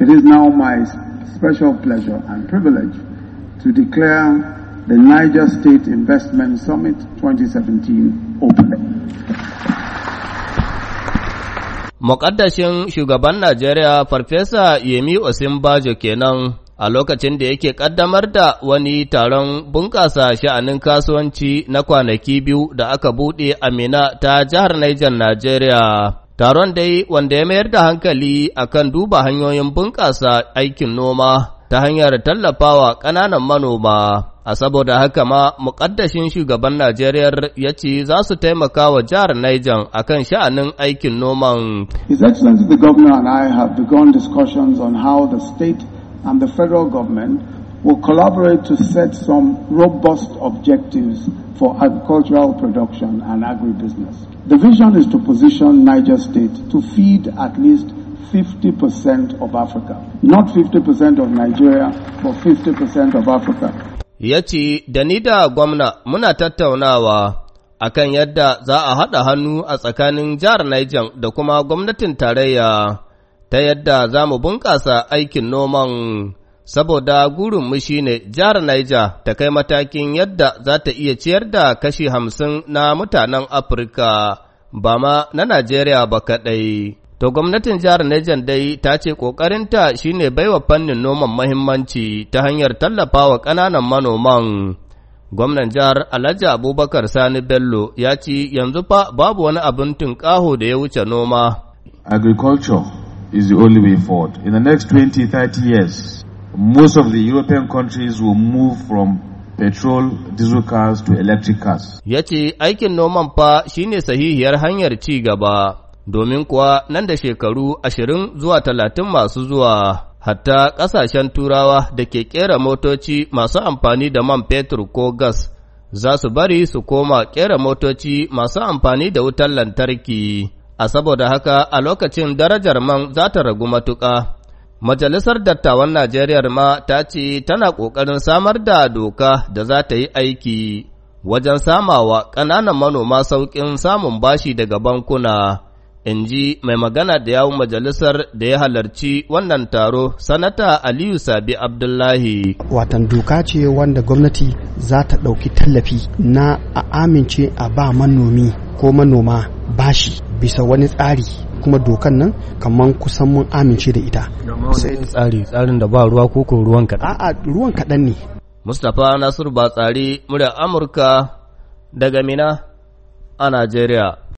It is now my special pleasure and privilege to declare the Niger State Investment Summit 2017 open. Muƙaddashin shugaban Najeriya Farfesa Yemi Osinbajo kenan a lokacin da yake ƙaddamar da wani taron bunƙasa sha'anin kasuwanci na kwanaki biyu da aka buɗe a Mina ta jihar Niger Najeriya. Taron dai wanda ya mayar da hankali akan duba hanyoyin bunƙasa aikin noma ta hanyar tallafawa ƙananan manoma. A saboda haka ma muƙaddashin shugaban Najeriya ya ce za su taimaka wa jihar Niger kan sha'anin aikin noman. His Excellency the Governor and I have begun discussions on how the state and the federal government will collaborate to set some robust objectives for agricultural production and agribusiness. The vision is to position Niger State to feed at least 50% of Africa. Not 50% of Nigeria, but 50% of Africa. Ya Danida da ni da gwamna muna tattaunawa akan yadda za a haɗa hannu a tsakanin jihar Niger da kuma gwamnatin tarayya ta yadda za mu bunƙasa aikin noman. saboda gurin shi ne jihar Niger ta kai matakin yadda za ta iya ciyar da kashi hamsin na mutanen Afirka ba ma na Najeriya ba kaɗai. To gwamnatin jihar Niger dai ta ce ƙoƙarinta shi ne baiwa fannin noman mahimmanci ta hanyar tallafawa ƙananan manoman. Gwamnan jihar Alhaji Abubakar Sani Bello ya ci yanzu fa babu wani abin tunƙaho da ya wuce noma. Agriculture is the only way forward. In the next 20, 30 years, most of the European countries will move from petrol diesel cars to electric cars. Ya ce aikin noman fa shine sahihiyar hanyar ci gaba, domin kuwa nan da shekaru ashirin zuwa talatin masu zuwa hatta ƙasashen turawa da ke ƙera motoci masu amfani da man fetur ko gas za su bari su koma ƙera motoci masu amfani da wutar lantarki, a saboda haka a lokacin darajar man za ta ragu matuƙa. Majalisar Dattawan Najeriya ma ta ce tana ƙoƙarin samar da doka da za ta yi aiki wajen samawa ƙananan manoma sauƙin samun bashi daga bankuna, in ji mai magana da yawun majalisar da ya halarci wannan taro, Sanata Aliyu Sabi Abdullahi. Watan doka ce wanda gwamnati za ta ɗauki tallafi na a amince a ba manomi ko manoma. bashi bisa wani tsari kuma dokan nan kamar kusan mun amince da ita sai tsari tsarin da ba ruwa ko ko ruwan kaɗan a'a ruwan kaɗan ne Mustapha Nasiru Batsari murya Amurka daga Mina a Najeriya